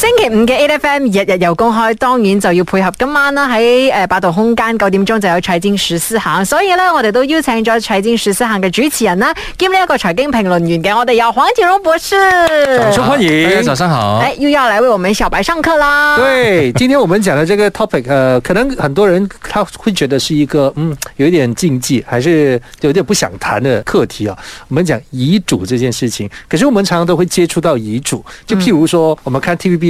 星期五嘅 A F M 日日有公開，當然就要配合。今晚啦喺誒八度空間九點鐘就有財經十四行，所以呢我哋都邀請咗財經十四行嘅主持人啦，兼呢一個財經評論員嘅我哋有黃錦榮博士，掌聲歡迎，大家早上好，誒又要來為我們小白上課啦。 對，今天我們講的這個 topic，誒、呃、可能很多人他會覺得是一個嗯有一點禁忌，還是有點不想談的課題啊。我們講遺囑這件事情，可是我們常常都會接觸到遺囑，就譬如說、嗯、我們看 T V B。